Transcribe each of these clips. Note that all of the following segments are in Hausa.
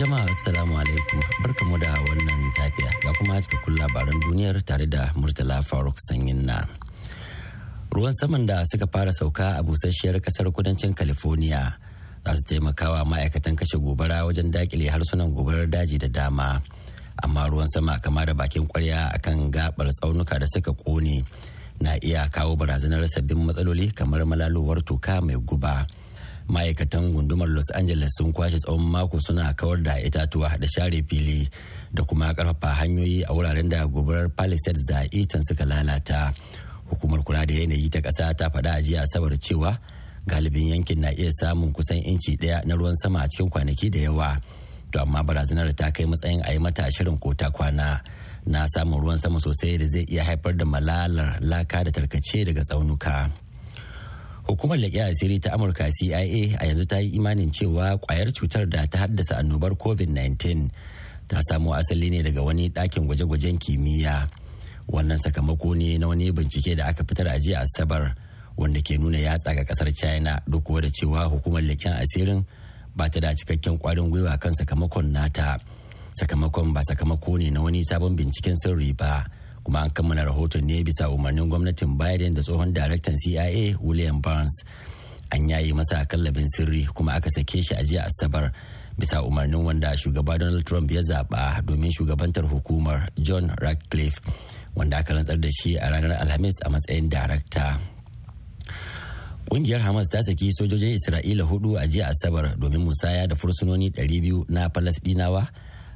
Jama'a Assalamu alaikum barkamu da wannan safiya ga kuma cikakkun labaran duniyar tare da Murtala Faruk Sanyin na. Ruwan saman da suka fara sauka a busasshiyar kasar kudancin California za su taimakawa ma'aikatan kashe gobara wajen dakile harsunan gobarar daji da dama. Amma ruwan sama kama da bakin kwarya akan gabar tsaunuka da suka kone na iya kawo barazanar sabbin matsaloli kamar malalowar toka mai guba. ma'aikatan gundumar los angeles sun kwashe tsawon mako suna kawar da itatuwa da share fili da kuma karfafa hanyoyi a wuraren da gobarar palisades da itan suka lalata hukumar kula da yanayi ta kasa ta faɗa a jiya asabar cewa galibin yankin na iya samun kusan inci ɗaya na ruwan sama a cikin kwanaki da yawa to amma barazanar ta kai matsayin a yi mata shirin kota kwana na samun ruwan sama sosai da zai iya haifar da malalar laka da tarkace daga tsaunuka. Hukumar leƙen asiri ta Amurka CIA a yanzu ta yi imanin cewa kwayar cutar da ta haddasa annobar COVID-19 ta samo asali ne daga wani ɗakin gwaje-gwajen kimiyya. Wannan sakamako ne na wani bincike da aka fitar a jiya Asabar wanda ke nuna yatsa ga ƙasar China duk da cewa hukumar leƙen asirin ba ta da cikakken kwarin gwiwa kan sakamakon nata. Sakamakon ba sakamako ne na wani sabon binciken sirri ba. kuma an kammala rahoton ne bisa umarnin gwamnatin biden da tsohon daraktan cia william barnes an yayi masa kallabin sirri kuma aka sake shi a jiya asabar bisa umarnin wanda shugaba donald trump ya zaba domin shugabantar hukumar john radcliffe wanda aka rantsar da shi a ranar alhamis a matsayin darakta Kungiyar Hamas ta saki sojojin Isra'ila hudu a jiya Asabar domin musaya da fursunoni 200 na Falasdinawa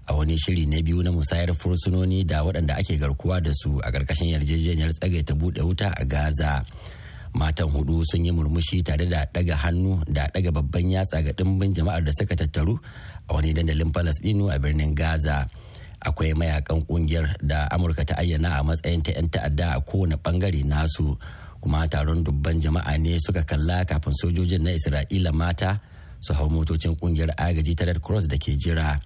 a wani shiri na biyu na musayar fursunoni da waɗanda ake garkuwa da su a ƙarƙashin yarjejeniyar ta buɗe wuta a gaza matan hudu sun yi murmushi tare da ɗaga hannu da ɗaga babban yatsa ga ɗimbin jama'ar da suka tattaru a wani dandalin falasɗinu a birnin gaza akwai mayakan ƙungiyar da amurka ta ayyana a matsayin ta 'yan ta'adda a kowane bangare nasu kuma taron dubban jama'a ne suka kalla kafin sojojin na isra'ila mata su hau motocin ƙungiyar agaji ta red cross da ke jira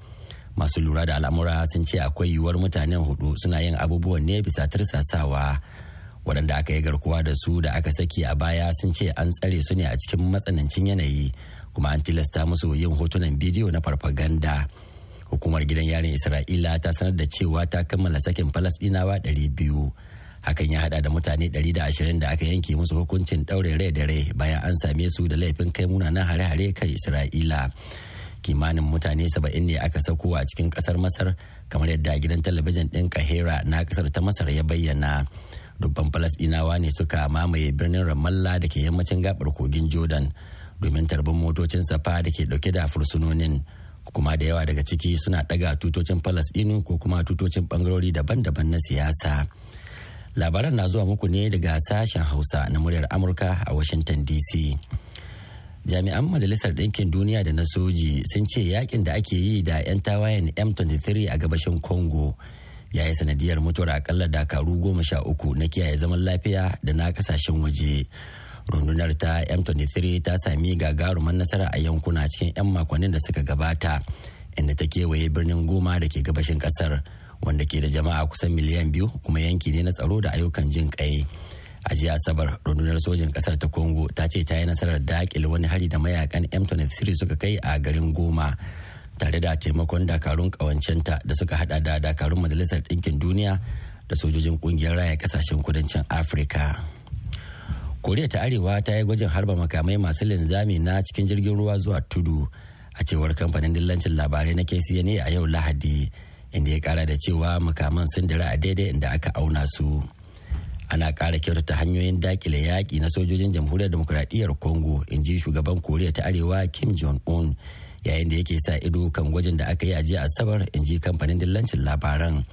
masu lura da al'amura sun ce akwai yiwuwar mutanen hudu suna yin abubuwan ne bisa tirsasawa waɗanda aka yi garkuwa da su da aka saki a baya sun ce an tsare su ne a cikin matsanancin yanayi kuma an tilasta musu yin hotunan bidiyo na farfaganda hukumar gidan yarin isra'ila ta sanar da cewa ta kammala sakin falasɗinawa biyu hakan ya hada da mutane ɗari da ashirin da aka yanke musu hukuncin ɗaurin rai da rai bayan an same su da laifin kai munanan hare-hare kan isra'ila kimanin mutane saba'in ne aka sako a cikin kasar masar kamar yadda gidan talabijin ɗin kahera na kasar ta masar ya bayyana dubban falasɗinawa ne suka mamaye birnin ramallah da ke yammacin gabar kogin jordan domin tarbin motocin safa da ke dauke da fursunonin kuma da yawa daga ciki suna daga tutocin falasɗinu ko kuma tutocin bangarori daban-daban na siyasa labaran na zuwa muku ne daga sashen hausa na muryar amurka a washington dc jami'an majalisar ɗinkin duniya da na soji sun ce yakin da ake yi da 'yan tawayen m23 a gabashin congo ya yi sanadiyar mutuwar akalla dakaru goma sha uku na kiyaye zaman lafiya da na kasashen waje rundunar ta m23 ta sami gagaruman nasara a yankuna cikin 'yan makonnin da suka gabata inda ta kewaye birnin goma da ke gabashin kasar wanda ke da jama'a kusan miliyan biyu kuma yanki ne na tsaro da ayyukan jin ƙai. a jiya asabar rundunar sojin kasar ta congo ta ce ta yi nasarar dakile wani hari da mayakan m23 suka kai a garin goma tare da taimakon dakarun kawancenta da suka hada da dakarun majalisar ɗinkin duniya da sojojin ƙungiyar raya kasashen kudancin afirka koriya ta arewa ta yi gwajin harba makamai masu linzami na cikin jirgin ruwa zuwa tudu a cewar kamfanin dillancin labarai na kcna a yau lahadi inda ya kara da cewa makaman sun dira a daidai inda aka auna su. ana ƙara kyautata hanyoyin dakile yaƙi na sojojin jamhuriyar demokuraɗiyyar congo in ji shugaban koriya ta arewa kim jong un yayin da yake sa ido kan gwajin da aka yi a jiya asabar in ji kamfanin dillancin labaran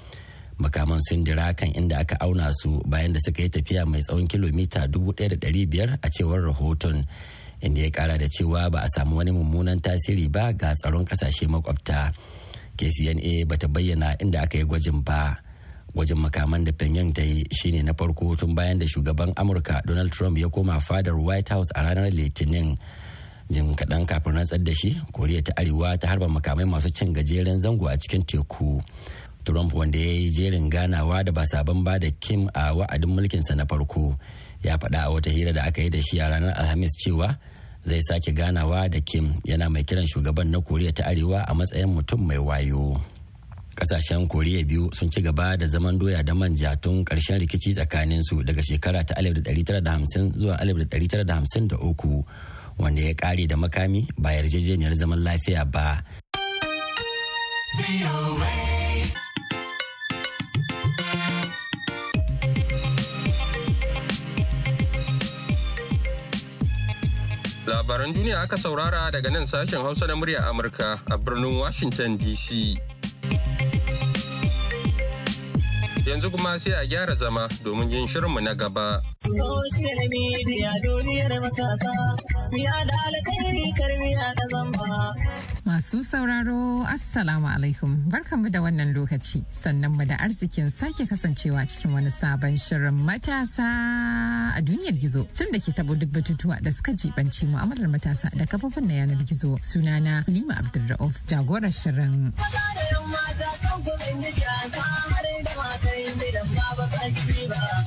makaman sun dira kan inda aka auna su bayan da suka yi tafiya mai tsawon kilomita dubu da biyar a cewar rahoton inda ya kara da cewa ba a samu wani mummunan tasiri ba ga tsaron kasashe makwabta kcna bata bayyana inda aka yi gwajin ba wajen makaman da Pyongyang ta yi shine na farko tun bayan da shugaban Amurka Donald Trump ya koma fadar White House a ranar Litinin. jin kaɗan kafin rantsar da shi, Koriya ta Arewa ta harba makamai masu cin gajeren zango a cikin teku. Trump wanda ya yi jerin ganawa da ba sabon ba da Kim a wa'adin mulkinsa na farko. Ya faɗa a wata hira da aka yi da shi a ranar Alhamis cewa zai sake ganawa da Kim yana mai kiran shugaban na Koriya ta Arewa a matsayin mutum mai wayo. kasashen koriya biyu sun ci gaba da zaman doya da manja tun karshen rikici tsakanin su daga shekara ta 1950 zuwa 1953 wanda ya kare da makami ba yarjejeniyar zaman lafiya ba labaran duniya aka saurara daga nan sashen hausa na murya amurka a birnin washington dc Yanzu kuma sai a gyara zama domin yin shirinmu na gaba. Masu sauraro Assalamu alaikum barkanmu da wannan lokaci sannan mu da arzikin sake kasancewa cikin wani sabon shirin matasa a duniyar gizo tun da ke tabo duk batutuwa da suka jibanci mu'amalar matasa da kafofin na yanar gizo sunana Lima Abdulrauf jagorar shirin. sai da ba ba ba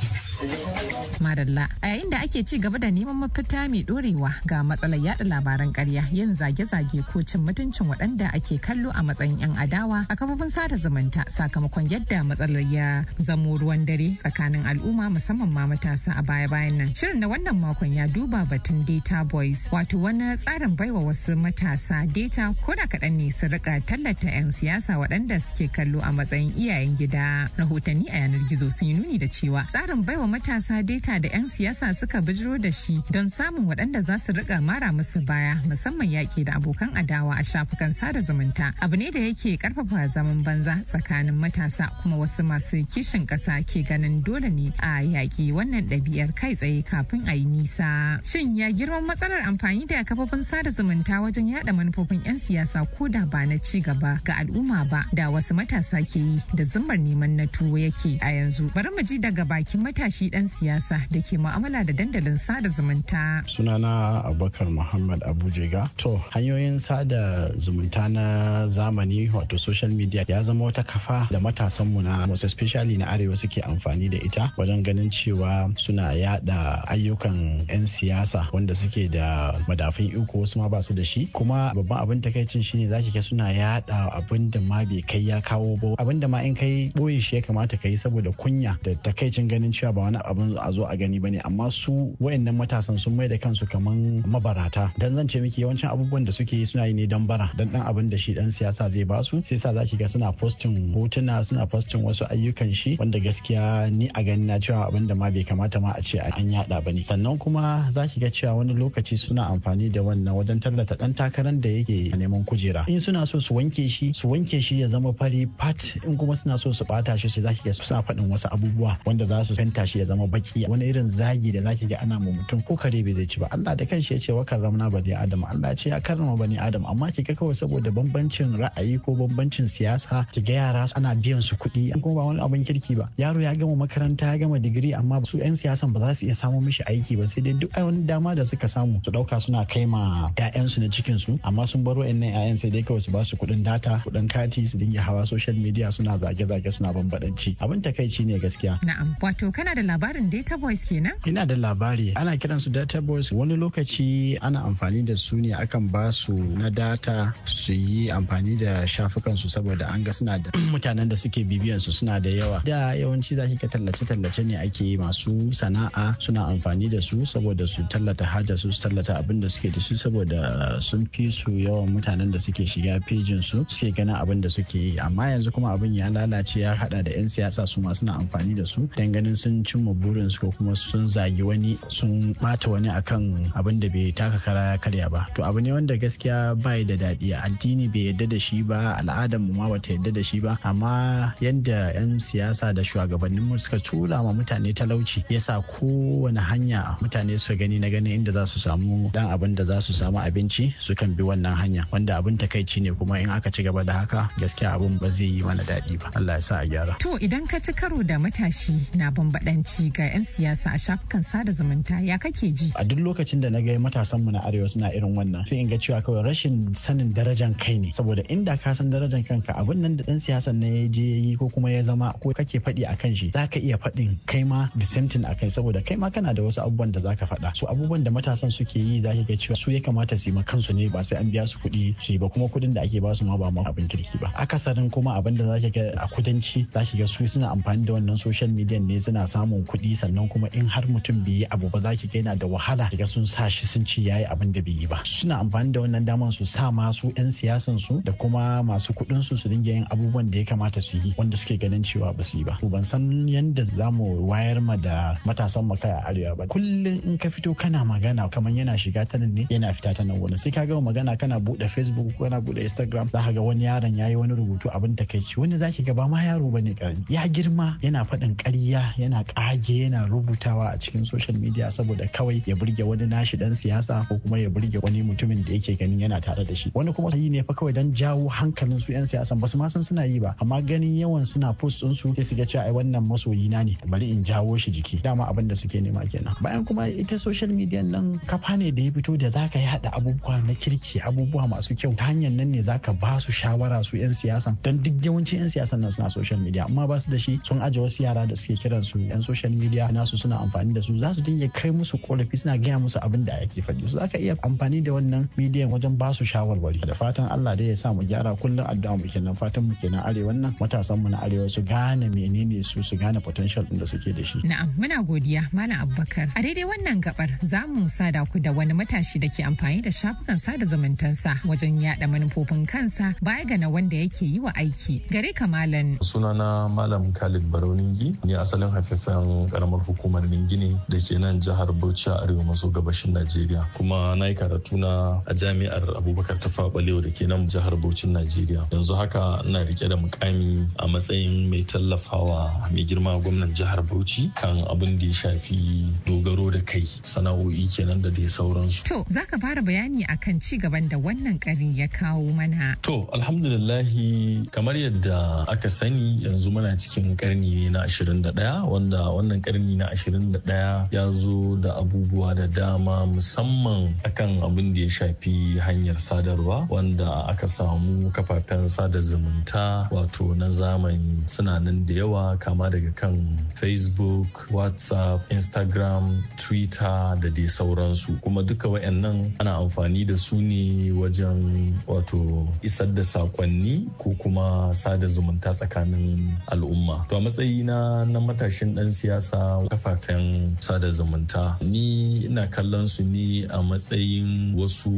Madalla a yayin da ake ci gaba da neman mafita mai dorewa ga matsalar yada labaran karya yin zage-zage ko cin mutuncin waɗanda ake kallo a matsayin 'yan adawa a kafofin sada zumunta sakamakon yadda matsalar ya zamo ruwan dare tsakanin al'umma musamman ma matasa a baya-bayan nan. Shirin na wannan makon ya duba batun Data Boys wato wani tsarin baiwa wasu matasa data ko da kaɗan ne su rika tallata 'yan siyasa waɗanda suke kallo a matsayin iyayen gida. Rahotanni a yanar gizo sun yi nuni da cewa tsarin baiwa matasa data da 'yan siyasa suka bijiro da shi don samun waɗanda za su riƙa mara musu baya musamman yaƙi da abokan adawa a shafukan sada zumunta abu ne da yake ƙarfafa zaman banza tsakanin matasa kuma wasu masu kishin ƙasa ke ganin dole ne a yaƙi wannan ɗabi'ar kai tsaye kafin a yi nisa. Shin ya girman matsalar amfani da kafofin sada zumunta wajen yaɗa manufofin 'yan siyasa ko da ba na ci gaba ga al'umma ba da wasu matasa ke yi da zimmar neman na tuwo yake a yanzu. Bari mu ji daga bakin matashi shi dan siyasa da ke mu'amala da dandalin sada zumunta. Sunana Abubakar Muhammad Abujega. To hanyoyin sada zumunta na zamani wato social media ya zama wata kafa da matasanmu na most especially na arewa suke amfani da ita wajen ganin cewa suna yada ayyukan 'yan siyasa wanda suke da madafin iko wasu ma ba su da shi kuma babban abin takaicin shine zaki ga suna yada abin da ma bai kai ya kawo ba abin da ma in kai boye shi ya kamata ka yi saboda kunya da takaicin ganin cewa ba wani abin a zo a gani bane amma su wayannan matasan sun mai da kansu kaman mabarata dan zan ce miki yawancin abubuwan da suke suna yi ne dan bara dan dan abin da shi dan siyasa zai ba su sai sa zaki ga suna postin hotuna suna postin wasu ayyukan shi wanda gaskiya ni a gani na cewa abin da ma bai kamata ma a ce an yada bane sannan kuma zaki ga cewa wani lokaci suna amfani da wannan wajen tallata dan takaran da yake neman kujera in suna so su wanke shi su wanke shi ya zama fari pat in kuma suna so su bata shi sai zaki ga suna faɗin wasu abubuwa wanda za su fanta shi ya zama baki wani irin zagi da zaki ga ana mu mutum ko kare bai zai ci ba Allah da kanshi ya ce wa karramna bani adam Allah ce ya karrama bani adam amma ki ga kawai saboda bambancin ra'ayi ko bambancin siyasa ki ga yara ana biyan su kuɗi kuma ba wani abin kirki ba yaro ya gama makaranta ya gama digiri amma su 'yan siyasan ba za su iya samu mishi aiki ba sai dai duk wani dama da suka samu su ɗauka suna kai ma 'ya'yansu na cikin su amma sun baro 'yan 'ya'yan sai dai kawai su ba su kuɗin data kuɗin kati su dinga hawa social media suna zage-zage suna bambadanci abin takaici ne gaskiya na'am wato kana da labarin data boys kenan? Ina da labari. Ana kiran su data boys wani lokaci ana amfani da su ne akan ba su na data su yi amfani da shafukan su saboda an ga suna da mutanen da suke bibiyan su suna da yawa. Da yawanci zaki ka tallace tallace ne ake yi masu sana'a suna amfani da su saboda su tallata haja su tallata abin da suke da su saboda sun fi su yawan mutanen da suke shiga pejin su suke ganin abin da suke yi amma yanzu kuma abin ya lalace ya hada da 'yan siyasa su ma suna amfani da su dan ganin sun ci cimma burinsu ko kuma sun zagi wani sun bata wani akan abin da bai taka kara ya karya ba to abu ne wanda gaskiya bai da daɗi addini bai yadda da shi ba al'adar mu ma bata yadda da shi ba amma yadda 'yan siyasa da shugabannin mu suka tura ma mutane talauci yasa kowane hanya mutane su gani na ganin inda za su samu dan abin da za su samu abinci su kan bi wannan hanya wanda abin takaici ne kuma in aka ci gaba da haka gaskiya abin ba zai yi mana daɗi ba Allah ya sa a gyara to idan ka ci karo da matashi na bambaɗan cika ga 'yan siyasa a shafukan sada zumunta ya kake ji? A duk lokacin da na ga matasan mu na arewa suna irin wannan sai in ga cewa kawai rashin sanin darajan kai ne saboda inda ka san darajan kanka abin nan da dan siyasan ne ya je ya yi ko kuma ya zama ko kake faɗi a kan shi zaka iya faɗin kai ma dissenting a kai saboda kai ma kana da wasu abubuwan da zaka faɗa su abubuwan da matasan suke yi zaki ga cewa su ya kamata su yi ma kansu ne ba sai an biya su kuɗi su yi ba kuma kuɗin da ake ba su ma ba ma abin kirki ba akasarin kuma abin da zaki ga a kudanci zaki ga su suna amfani da wannan social media ne suna samun samun kuɗi sannan kuma in har mutum bai yi abu ba za ki ga yana da wahala daga sun sa shi sun ce yayi abin da bai yi ba suna amfani da wannan daman su sa masu 'yan siyasan su da kuma masu kuɗin su su dinga yin abubuwan da ya kamata su yi wanda suke ganin cewa ba su yi ba ban san yanda za mu wayar ma da matasan mu kai a arewa ba kullum in ka fito kana magana kamar yana shiga ta nan ne yana fita ta nan wani sai ka gama magana kana buɗe facebook kana buɗe instagram za ka ga wani yaron yayi wani rubutu abin takaici wani za ki ga ba ma yaro bane karami ya girma yana faɗin ƙarya yana age yana rubutawa a cikin social media saboda kawai ya burge wani nashi dan siyasa ko kuma ya burge wani mutumin da yake ganin yana tare da shi wani kuma yi ne fa kawai dan jawo hankalin su yan siyasan basu ma san suna yi ba amma ganin yawan suna post din su sai su ga cewa ai wannan masoyi na ne bari in jawo shi jiki dama abin da suke nema kenan bayan kuma ita social media nan kafa ne da ya fito da zaka yi hada abubuwa na kirki abubuwa masu kyau ta hanyar nan ne zaka ba su shawara su yan siyasan dan duk yawancin yan siyasan nan suna social media amma ba su da shi sun aje wasu yara da suke kiran su yan social media nasu suna amfani da su za su dinga kai musu korafi suna gaya musu abin da ake faɗi su zaka iya amfani da wannan media wajen ba su shawarwari da fatan Allah dai ya sa mu gyara kullum addu'a mu kenan fatan mu kenan arewa nan matasan mu na arewa su gane menene su su gane potential din da suke da shi na'am muna godiya malam Abubakar a daidai wannan gabar za mu sada ku da wani matashi da ke amfani da shafukan sada zumuntansa wajen yada manufofin kansa baya ga na wanda yake yi wa aiki gare ka malam sunana malam Khalid Baroningi ni asalin haifafen sakataren karamar hukumar mingini da ke nan jihar Bauchi a arewa maso gabashin Najeriya. Kuma na yi karatu na a jami'ar Abubakar Tafa Balewa da ke nan jihar Bauchi Najeriya. Yanzu haka ina rike da mukami a matsayin mai tallafawa mai girma gwamnan jihar Bauchi kan abin da ya shafi dogaro da kai sana'o'i kenan da dai sauransu. To za ka fara bayani akan ci gaban da wannan kari ya kawo mana. To alhamdulillahi kamar yadda aka sani yanzu muna cikin karni na 21 wanda wannan karni na 21 ya zo da abubuwa da dama musamman akan abin da ya shafi hanyar sadarwa wanda aka samu kafafen sada zumunta wato na zamani suna nan da yawa kama daga kan facebook whatsapp instagram twitter da dai sauransu kuma duka wayannan ana amfani da su ne wajen wato isar da sakonni ko kuma sada zumunta tsakanin al'umma to a matsayi na matashin dan siyasa kafafen sada zumunta ni ina kallon su ne a matsayin wasu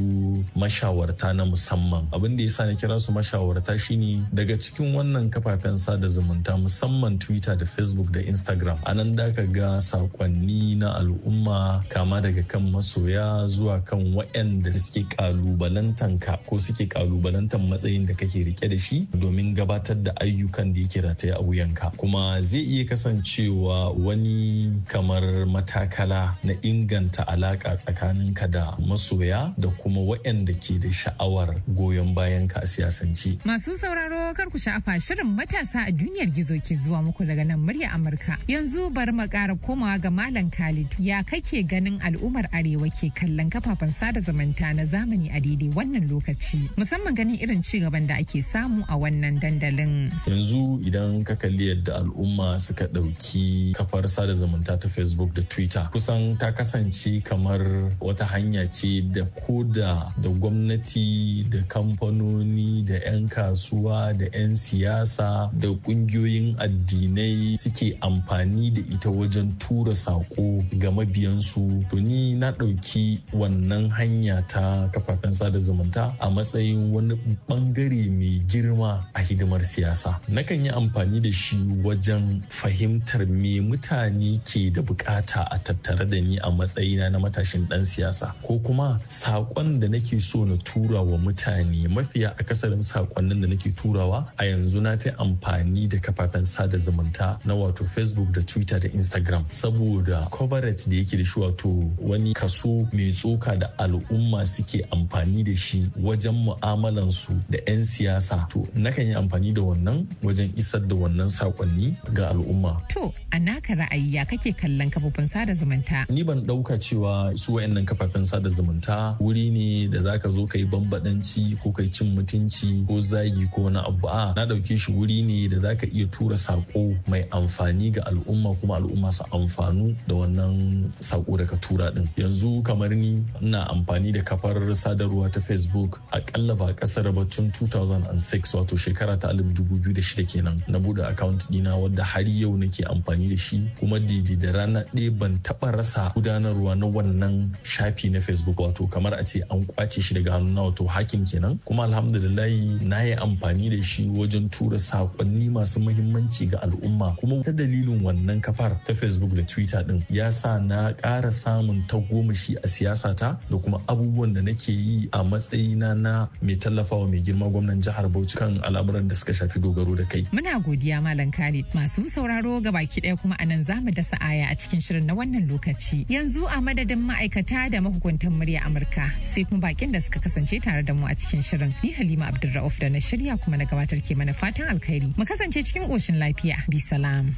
mashawarta na musamman abin da yasa na kira su mashawarta shine daga cikin wannan kafafen sada zumunta musamman twitter da facebook da instagram anan da ka ga sakonni na al'umma kama daga kan masoya zuwa kan waɗanda suke kalubalantan ka ko suke kalubalantan matsayin da kake rike da shi domin gabatar da ayyukan da yake rataye a wuyanka kuma zai iya kasancewa wani kamar matakala na inganta alaka tsakaninka da masoya da kuma waɗanda ke da sha'awar goyon bayan ka a siyasance. Masu sauraro kar ku sha'afa shirin matasa a duniyar gizo ke zuwa muku daga nan murya Amurka. Yanzu bari mu ƙara komawa ga Malam Khalid ya kake ganin al'ummar Arewa ke kallon kafafen sada zumunta na zamani a daidai wannan lokaci musamman ganin irin ci gaban da ake samu a wannan dandalin. Yanzu idan ka kalli yadda al'umma suka ɗauki kafar sada zumunta ta facebook da twitter kusan ta kasance kamar wata hanya ce da koda da gwamnati da kamfanoni da 'yan kasuwa da 'yan siyasa da kungiyoyin addinai suke amfani da ita wajen tura sako ga mabiyansu to ni na ɗauki wannan hanya ta kafafen sada zumunta a matsayin wani ɓangare mai girma a hidimar siyasa nakan yi amfani da shi wajen fahimtar me mutane ke da bukata a tattare da ni a matsayina na matashin dan siyasa ko kuma saƙon da nake so na tura wa mutane mafiya akasarin sakonnin da nake turawa a yanzu na fi amfani da kafafen sada zumunta na wato facebook da twitter da instagram saboda coverage da yake da shi wato wani kaso mai tsoka da al'umma suke amfani da shi wajen mu'amalansu da 'yan siyasa to nakan yi amfani da wannan wajen isar da wannan sakonni ga al'umma to naka ra'ayi ya kake kallon kafofin sada zumunta ni ban dauka cewa su wayannan kafafen sada zumunta wuri ne da zaka zo kai bambadanci ko kai cin mutunci ko zagi ko wani abu a na dauke shi wuri ne da zaka iya tura sako mai amfani ga al'umma kuma al'umma su amfanu da wannan sako da ka tura din yanzu kamar ni ina amfani da kafar sadarwa ta facebook akalla ba kasar ba tun 2006 wato shekara ta 2006 kenan na bude account dina wadda har yau nake amfani da shi kuma didi da rana ɗaya ban taɓa rasa gudanarwa na wannan shafi na facebook wato kamar a ce an kwace shi daga hannun wato hakin kenan kuma alhamdulillahi na yi amfani da shi wajen tura saƙonni masu muhimmanci ga al'umma kuma ta dalilin wannan kafar ta facebook da twitter din ya sa na ƙara samun tagomashi a siyasata da kuma abubuwan da nake yi a matsayina na mai tallafawa mai girma gwamnan jihar Bauchi kan al'amuran da suka shafi dogaro da kai. Muna godiya Malam Khalid masu sauraro ga baki ɗaya kuma kuma a nan za mu dasa aya a cikin shirin na wannan lokaci. Yanzu a madadin ma'aikata da mahukuntan murya Amurka sai kuma bakin da suka kasance tare da mu a cikin shirin. Ni Halima Abdulra'uf da na shirya kuma na gabatar ke mana fatan alkhairi. Mu kasance cikin koshin lafiya. Bi salam.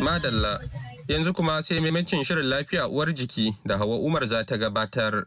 Madalla. Yanzu kuma sai maimacin shirin lafiya uwar jiki da Hawa Umar za ta gabatar.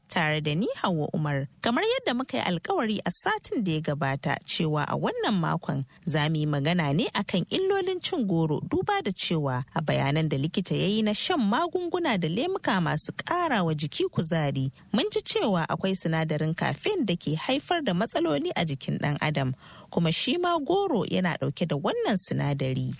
tare da ni Hauwa Umar. Kamar yadda muka yi alkawari a satin da ya gabata cewa a wannan makon za mu yi magana ne akan illolin cin goro duba da cewa a bayanan da likita ya yi na shan magunguna da lemuka masu ƙara wa jiki kuzari. Mun ji cewa akwai sinadarin kafin da ke haifar da matsaloli a jikin ɗan adam. Kuma shi ma goro yana ɗauke da wannan sinadari.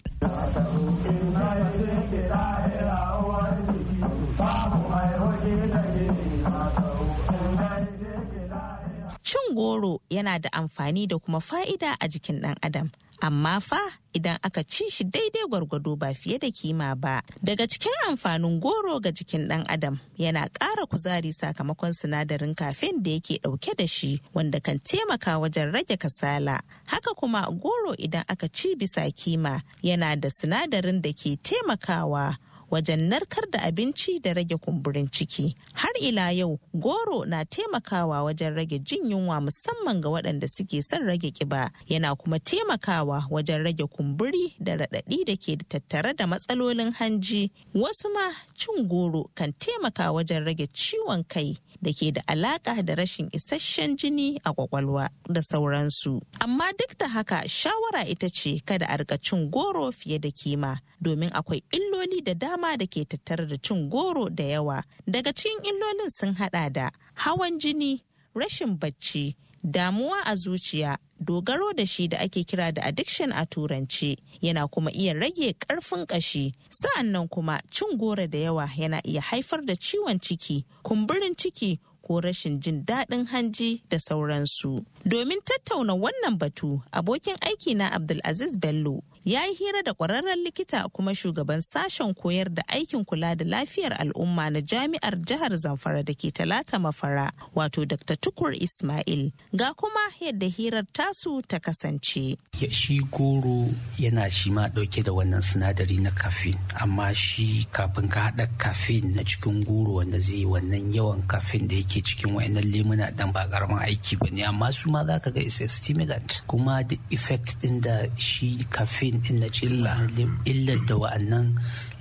Cin goro yana da amfani da kuma fa'ida a jikin ɗan adam. Amma fa idan aka ci shi daidai gwargwado ba fiye da kima ba. Daga cikin amfanin goro ga jikin ɗan adam yana ƙara kuzari sakamakon sinadarin kafin da yake ɗauke da shi wanda kan taimaka wajen rage kasala. Haka kuma goro idan aka ci bisa kima yana da sinadarin da ke taimakawa wajen narkar da abinci da rage kumburin ciki. Har ila yau goro na taimakawa wajen rage jin yunwa musamman ga waɗanda suke son rage ƙiba yana kuma taimakawa wajen rage kumburi da raɗaɗi da ke tattare da matsalolin hanji. Wasu ma cin goro kan taimaka wajen rage ciwon kai da ke da alaƙa da rashin isasshen jini a ƙwaƙwalwa da sauransu. Amma duk da haka shawara ita ce kada a riƙa cin goro fiye da kima domin akwai illoli da dama dama da ke tattare da cin goro da yawa daga cikin illolin sun hada da hawan jini rashin bacci damuwa a zuciya dogaro da shi da ake kira da addiction a turanci yana kuma iya rage karfin kashi sa'annan kuma cin goro da yawa yana iya haifar da ciwon ciki kumburin ciki ko rashin jin daɗin hanji da sauransu Domin tattauna wannan batu, abokin aiki na Abdulaziz Bello ya yi hira da kwararren likita kuma shugaban sashen koyar da aikin kula da lafiyar al'umma na jami'ar jihar Zamfara da ke talata mafara wato Dr. Tukur Ismail. Ga kuma yadda hirar tasu ta kasance. Shi goro yana shi ma ɗauke da wannan sinadari na kafin, amma shi kafin ka haɗa kafin na cikin goro wanda zai wannan yawan kafin da yake cikin wayannan lemuna dan ba karamin aiki ba amma su ma za ka ga isa a stimulant kuma da effect ɗin da shi caffeine din na illa da wa'annan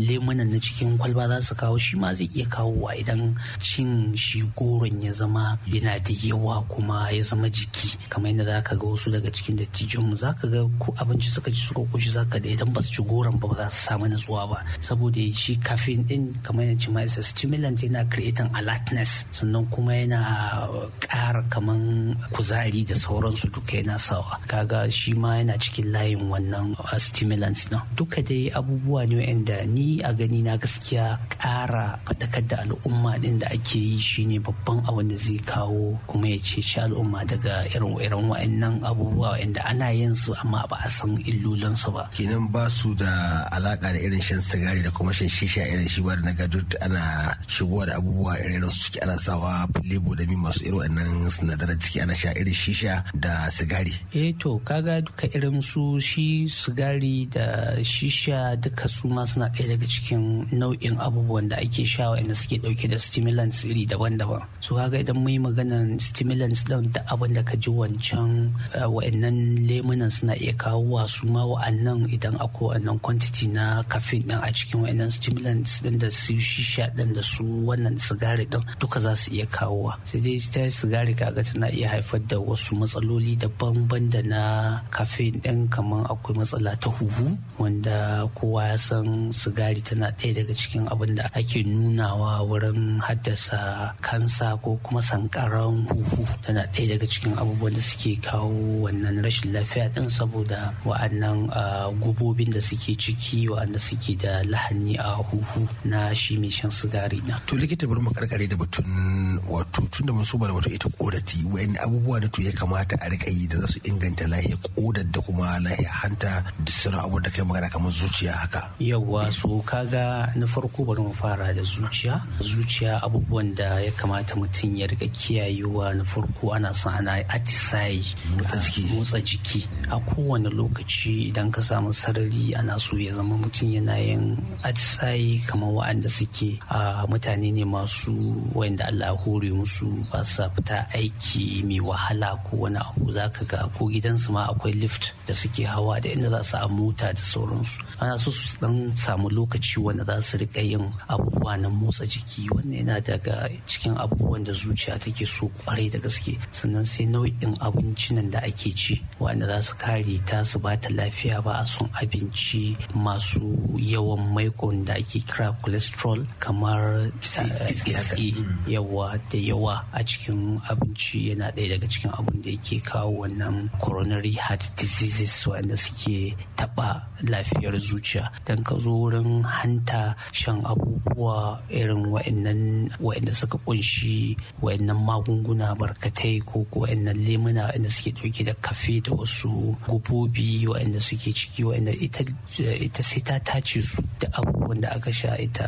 lemunan na cikin kwalba za su kawo shi ma zai iya kawo wa idan cin shi goron ya zama yana da yawa kuma ya zama jiki kamar yadda za ga wasu daga cikin mu za ka ga ko abinci suka ci suka koshi za ka da idan ba su ci goron ba ba za su samu nutsuwa ba saboda shi caffeine din kamar yadda ma isa stimulant yana creating alertness sannan kuma yana ƙara kaman kuzari da sauransu duka yana sawa kaga shi ma yana cikin layin wannan uh, stimulant na duka dai abubuwa ne wa'anda ni ni a gani na gaskiya ƙara faɗakar da al'umma ɗin da ake yi shine babban abin da zai kawo kuma ya ce shi al'umma daga irin irin wa'annan abubuwa wa'anda ana yin su amma ba a san illolinsu ba. Kenan ba su da alaka da irin shan sigari da kuma shan shisha irin shi ba da na duk ana shigowa da abubuwa irin su ciki ana sawa lebo da mi masu irin wa'annan sinadaran ciki ana sha irin shisha da sigari. Eh to kaga duka irin su shi sigari da shisha duka su ma suna ɗaya daga cikin nau'in abubuwan da ake sha wa'anda suke dauke da stimulants iri daban-daban su kaga idan mu yi maganan stimulants don da abin da ka ji wancan eh, wa'annan lemunan suna iya kawo wa su ma wa'annan idan akwai wa'annan quantity na caffeine din a cikin wa'annan stimulants din da su shisha din da su wannan sigari din duka za su iya kawowa sai dai ta sigari kaga tana iya haifar da wasu matsaloli daban-daban da na caffeine din kamar akwai matsala ta huhu wanda kowa ya san sigari ƙari tana ɗaya daga cikin abin da ake nunawa wurin haddasa kansa ko kuma sankaran huhu tana ɗaya daga cikin abubuwan da suke kawo wannan rashin lafiya ɗin saboda wa'annan gubobin da suke ciki wa'anda suke da lahani a huhu na shi mai shan sigari na. To likita bari mu karkare da batun wato tun da masu bada wato ita kodati wani abubuwa da to ya kamata a rika yi da za su inganta lahiyar kodar da kuma lahiyar hanta da sauran abubuwan da kai magana kamar zuciya haka. Yawwa su to kaga na farko bari mu fara da zuciya zuciya abubuwan da ya kamata mutum ya riga kiyayewa na farko ana son ana atisaye motsa jiki a kowane lokaci idan ka samu sarari ana so ya zama mutum yana yin atisaye kamar wa'anda suke a mutane ne masu wanda Allah hore musu ba sa fita aiki mai wahala ko wani abu zaka ga ko gidansu ma akwai lift da suke hawa da inda za su a mota da sauransu ana so su dan samu lokaci wanda za su rika yin abubuwa na motsa jiki wanda yana daga cikin abubuwan da zuciya take so kwarai da gaske sannan sai nau'in abincinan da ake ci wanda za su kare ta su ba ta lafiya ba a son abinci masu yawan maikon da ake kira cholesterol kamar eh, mm. yawa da yawa a cikin abinci yana ɗaya daga cikin abin da yake kawo wannan coronary heart diseases wanda suke taɓa lafiyar zuciya don ka zo wurin hanta shan abubuwa irin wa'annan wa'anda suka kunshi wa'annan magunguna barkatai ko wa'annan lemuna wa'anda suke dauke da kafe da wasu gubobi wa'anda suke ciki wa'anda ita ita sai ta tace su da abubuwan da aka sha ita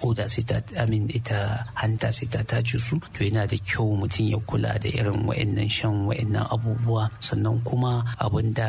koda sai ta amin ita hanta sai ta tace su to yana da kyau mutum ya kula da irin wa'annan shan wa'annan abubuwa sannan kuma abin da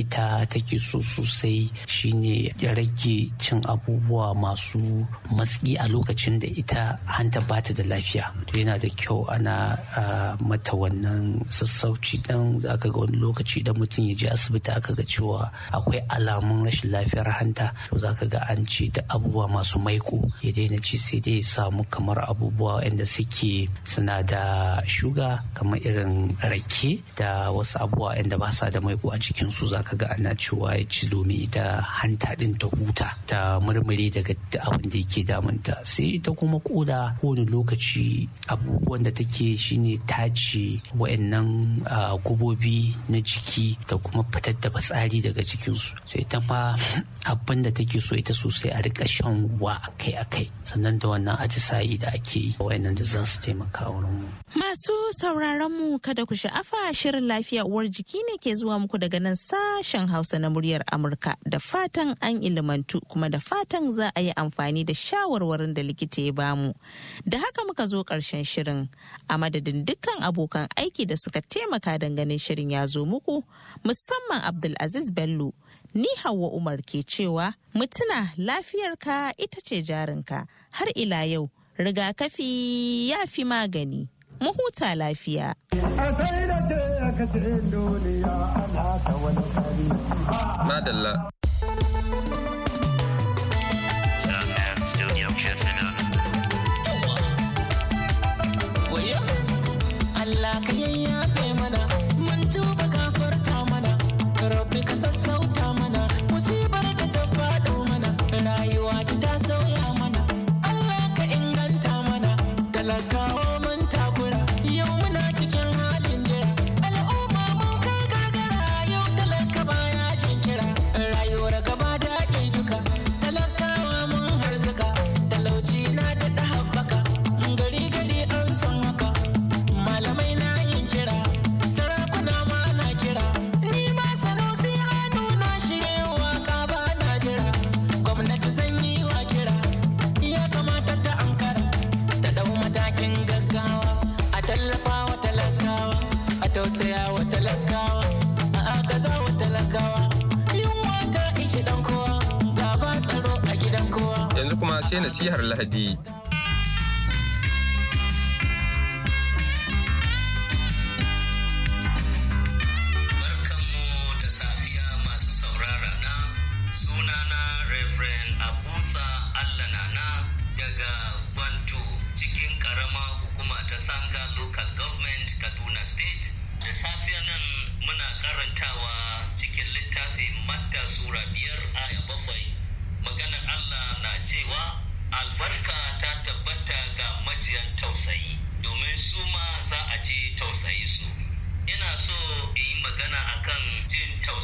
ita take so sosai shine ya rage cin abu abubuwa masu matsi a lokacin da ita hanta ba ta da lafiya to yana da kyau ana mata wannan sassauci dan za ka ga wani lokaci da mutum ya je asibiti aka ga cewa akwai alamun rashin lafiyar hanta to za ka ga an ce da abubuwa masu maiko ya daina ci sai dai ya samu kamar abubuwa inda suke suna da shuga kamar irin rake da wasu abubuwa inda ba sa da maiko a su za ka ga ana cewa ya ci domin ita hanta din ta huta ta marmari daga abin da yake damunta sai ita kuma koda kowane lokaci abubuwan da take shine tace wa'annan gubobi na jiki da kuma fitar da fitsari daga jikinsu sai ita ma abin da take so ita sosai a rika shan ruwa akai akai sannan da wannan atisayi da ake yi wa'annan da za su taimaka wurin mu masu sauraron mu kada ku sha'afa shirin lafiya uwar jiki ne ke zuwa muku daga nan sashen hausa na muryar amurka da fatan an ilimantu kuma da fatan fatan za a yi amfani da shawarwarin da likita ya bamu. Da haka muka zo ƙarshen shirin a madadin dukkan abokan aiki da suka taimaka ganin shirin ya zo muku musamman Abdulaziz Bello. Ni Hauwa Umar ke cewa mutuna lafiyarka ita ce jarinka har ila yau rigakafi ya fi magani. Mu huta lafiya. Madalla حسين السهر اللي هدي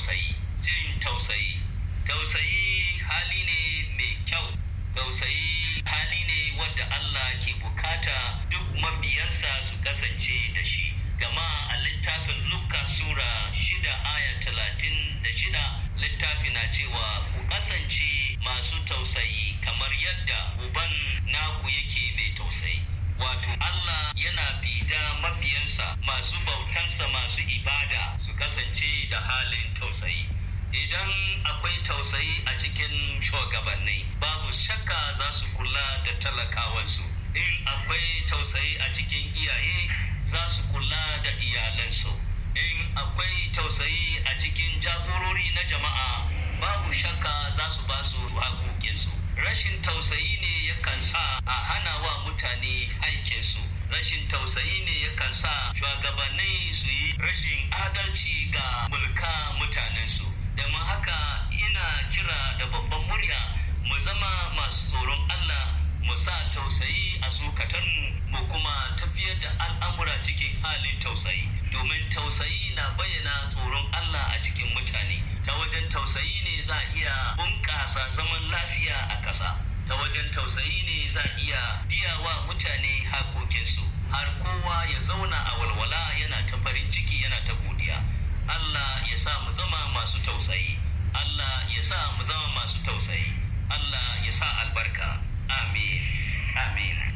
tausayi jin tausayi tausayi hali ne mai kyau tausayi hali ne wadda Allah ke bukata duk mabiyansa su kasance da shi gama a littafin Luka Sura shida aya talatin da shida littafi na cewa ku kasance masu tausayi kamar yadda uban naku yake mai tausayi. wato Allah yana bida mabiyansa masu bautansa masu ibada su kasance da halin tausayi idan akwai tausayi a cikin shugabanni babu shakka za su kula da talakawansu in akwai tausayi a cikin iyaye za su kula da iyalansu in akwai tausayi a cikin jagorori na jama'a babu shakka za su ba su rashin tausayi ne yakan sa a hana wa mutane aikinsu rashin tausayi ne yakan sa shugabanni su yi rashin adalci ga mulka mutanensu domin haka ina kira da babban murya mu zama masu tsoron allah mu sa tausayi a zukatanmu mu kuma tafiyar da al'amura cikin halin tausayi domin tausayi na bayyana tsoron allah a cikin mutane ta wajen tausayi za a iya bunƙasa zaman lafiya a ƙasa ta wajen tausayi ne za a iya biya wa mutane hakokinsu har kowa ya zauna a walwala yana ta farin ciki yana ta godiya Allah ya sa mu zama masu tausayi Allah ya sa mu zama masu tausayi Allah ya sa albarka amin amin